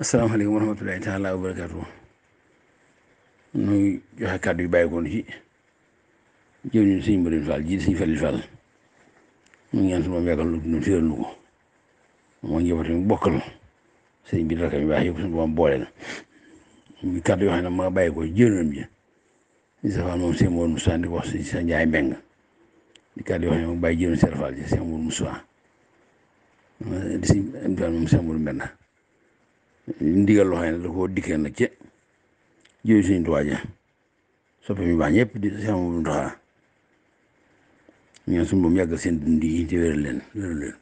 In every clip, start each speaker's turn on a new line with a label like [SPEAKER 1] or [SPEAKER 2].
[SPEAKER 1] asalaamaaleykum wa rahmatulahi taala wa barakaatu nuy joxe kàddu yu bàyyikoon ci jëw ñun suñu mbërin Fall ji suñu Falil Fall mu ñaan su moom yàggal lu nu téral nu ko moo njëbatu mi bokkal sëñ bi rakam yu baax yëpp suñu boom boole na ñu kàddu yoo xam ne ma bàyyi ko jëwriñam ji di safaan moom sëñ Moor Moussa di wax si sa Njaay Mbeng di kàddu yoo xam ne ma yi jëwriñ Serfal ji sëñ Moor Moussa di si diwaan moom si amul benn ndigal loo xam ne da koo dikkee nag ci jiw suñu tuwaay ja soppe mi baax ñëpp di si amul ndoxaa ñoom suñu moom yàggal seen dund yi te wéral leen wéral leen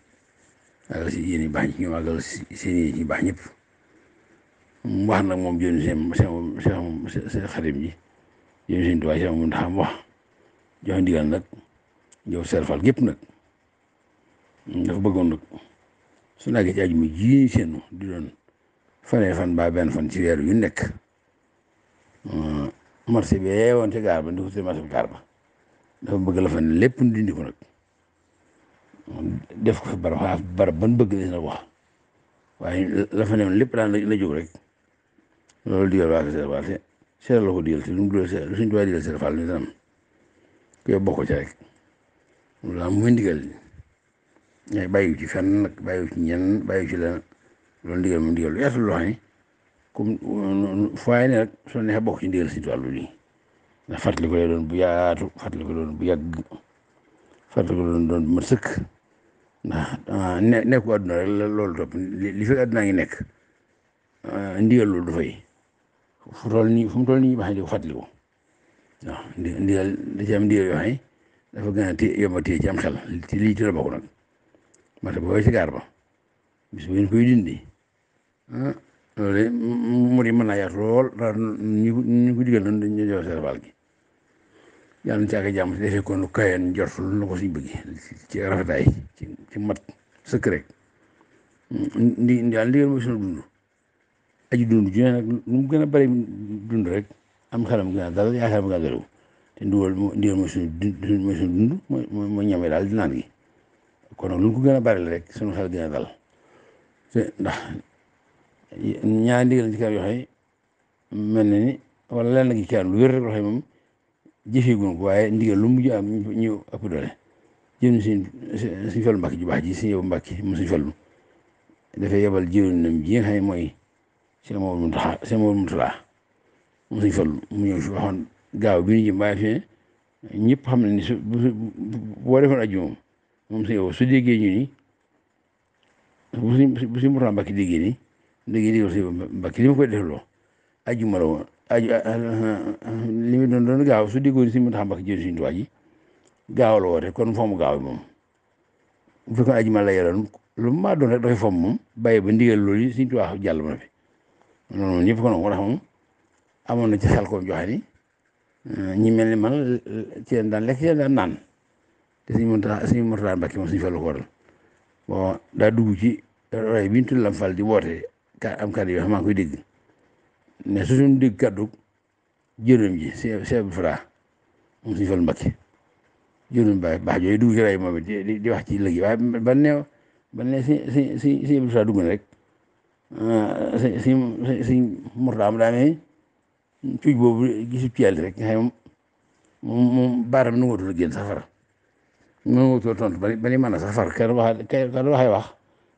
[SPEAKER 1] àggal si yéen yi baax ñi ñoom àggal seen yéen yi baax ñëpp mu wax nag moom jënd seen seen seen xarit ji jënd seen tuwaay si amul ndax am wax joxe ndigal nag jox serfal gépp nag dafa bëggoon nag su nagee ci ajuma ji ñu seenu di doon fanee fan ba fan ci weer yu nekk ah, marché bi yeewoon ci gaar ba ndi ko ci gaar ba dafa la fan lépp dindi ko ban bëgg des na wax waaye la fa newoon lépp daan la jóg rek loolu digal waa Kër Fall te seeral la digal te lu mu dul suñ tubaab digal Sëriñ Fall ñu tam koy bokk ci rek loolu mu ndigal bàyyiwu ci fenn nag bàyyiwu ci ñenn bàyyiwu ci lenn loolu ndigal moom ndigal lu yaatu loo xam ne comme euh, fooy ne rek bokk ci ndigal si wàllu lii ndax ko lay doon bu yaatu fàttali ko doon bu yàgg fàttali ko doon doon sëkk ndax ah, ne nekku àdduna rek loolu topp li fi ngi nekk ah, ndigal lool dafay fu toll nii fu mu toll nii ba ndigal da ci am ndigal yoo xam ne dafa gën a téye yomb a téye ci nag mata booy ci gaar ba bis koy dindi ah, loolu murid mën naa yaatu lool daal ñu ñu ko digal noonu gi yàlla na ko nu kayan jortu lu na ko suñ bëgg ci rafetaay ci ci mat sëkk rek ndi daal ndigal mooy sunu dund aji dund ju ne nag lu mu gën a bari dund rek am xelam gën a dal yaa xelam gën a dal te ndigal ndigal daal di naan gi kon nag lu ko gën a bari rek suñu xel dina dal ndax ñaari ndigal ci kër yoo mel na ni wala lenn gi ci lu wér rek ko waaye ndigal lu mujj am ñu ëpp doole jëm suñ suñ fal mbàkk ju baax ji suñ yóbbu mbàkk mu suñ fal dafay yebal jiwandam ji nga xam ne mooy seen moom mu taxa seen moom mu taxa mu suñ fal mu ñëw fi waxoon gaaw bi ñu fi ñëpp xam ne ni su boo defoon aju moom moom suñu su déggee ñu ni bu suñ bu suñ Mourtada Mbacke déggee nii déggee nii aussi Mbacke li ma koy defloo ajjuma la woon aju ah, ah, ah, li mu doon doon gaaw su déggoo nii suñ Mourtada Mbacke jël suñu tuwaay ji gaaw la woote kon foomu gaaw moom bu fekkoon ajjuma la yoroon lu maa doon rek dafay fomm moom bàyyi ba ndigal loolu suñu fi loolu moom ñëpp kon moo tax moom amoon na ci xel koom ni ñi mel ni man ci leen te sëñ Muntaxa sëñ Muntaxa Mbàkke moom sëñ Fallu ko waral bon daa dugg ci rajo bi ñu di woote ka am kàddu yoo xam maa ngi koy dégg mais su suñu dégg kàddu jërëm ji Cheikh Cheikh Fra moom sëñ Fallu Mbàkke jërëm ba baax jooyu dugg ci di wax ci léegi ne ban si si si si Fra dugg rek ah, si si si Muntaxa am boobu gisu ci yàlla rek nga xam moom moom baaram nu nga tudd génn moom moo tuur tontu ba ni mën a sax far kenn waxee kenn waxee wax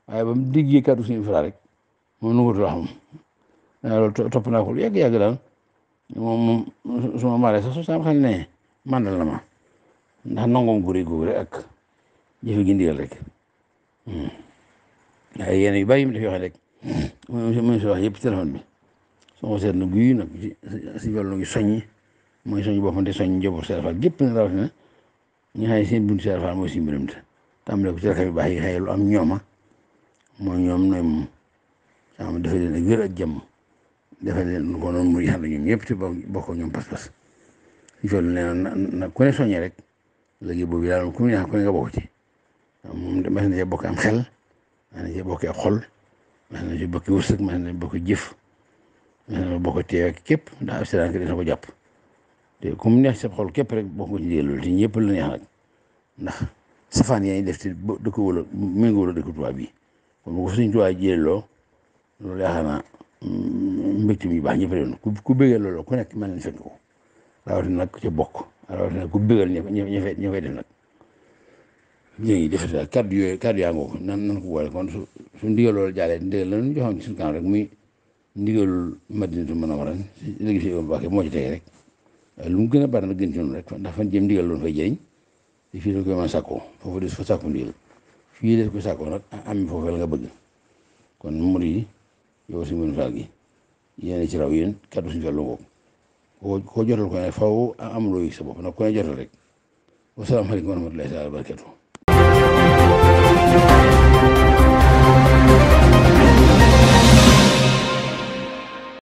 [SPEAKER 1] waaye ba mu diggee kaddu suñu Ibra rek moom nu wutul a moom topp naa ko lu yàgg yàgg daal moom moom su ma maaree sax su sam ne mandal na ma ndax nangoom guri ak jëfe gi ndigal rek hmm. waaye yéen yu bari yu mu def yoo rek moom si wax yëpp téléphone bi soo ko seetlu guy nag si si wàllu soññi mooy si la fa gépp na rawatina ñi nga xam ne seen buntu Cheikh Ibra Fall mooy suñu mbiram te ci rakam yu baax yi xëy lu am ñooma ah. mooy ñoom nooy moom sama defal leen ak wér ak jàmm defal leen lu ko noonu muy xam ne ñoom ñëpp te bokkoo ñoom pas-pas ñu toll nee na na ku ne rek léegi boobu daal ku ne ci moom de bokk am xel mas na cee bokk ak xol mas na cee bokk wërsëg mas na cee bokk jëf mas na cee képp ndax ab sédan jàpp. ku mu neex sa xol képp rek boo ko jiyee loolu te ñëpp la neex nag ndax safaan yaa def te dëkk wala méngoo wala dëkk tubaab bi kon bu ko suñ tubaab jiyee loo loolu yaakaar naa mm, mbégte mi baax ñëpp rek ku ku bëggee loolu ku nekk mel na fekk ko rawatina nag ca bokk rawatina nag ku bëggal ña ña fay ña def nag. léegi defe naa kàddu yooyu kàddu yaa ngoo nan nan ko boole kon su su ndigal loolu jàllee la ñu joxoon ci suñu rek muy ndigalul Madinatul ma léegi si Mbàkke moo ci tey rek. Eh, lu mu gën a bari nag gën ci noonu rek ndax fan jëm ndigal loon fay jëriñ te fii dañ koy mën a sàkkoo foofu des fa sàkku ndigal fii des ko sàkkoo nag ah, am foofu la nga bëgg kon mur yi yow suñu mën faal gi yéen ci raw yéen kaddu si fàllu ngoog koo koo jotal ko ne faw ah, amuloo yi sa bopp nag ku ne jotal rek wasalaamaaleykum wa rahmatullahi taala wa barakatuh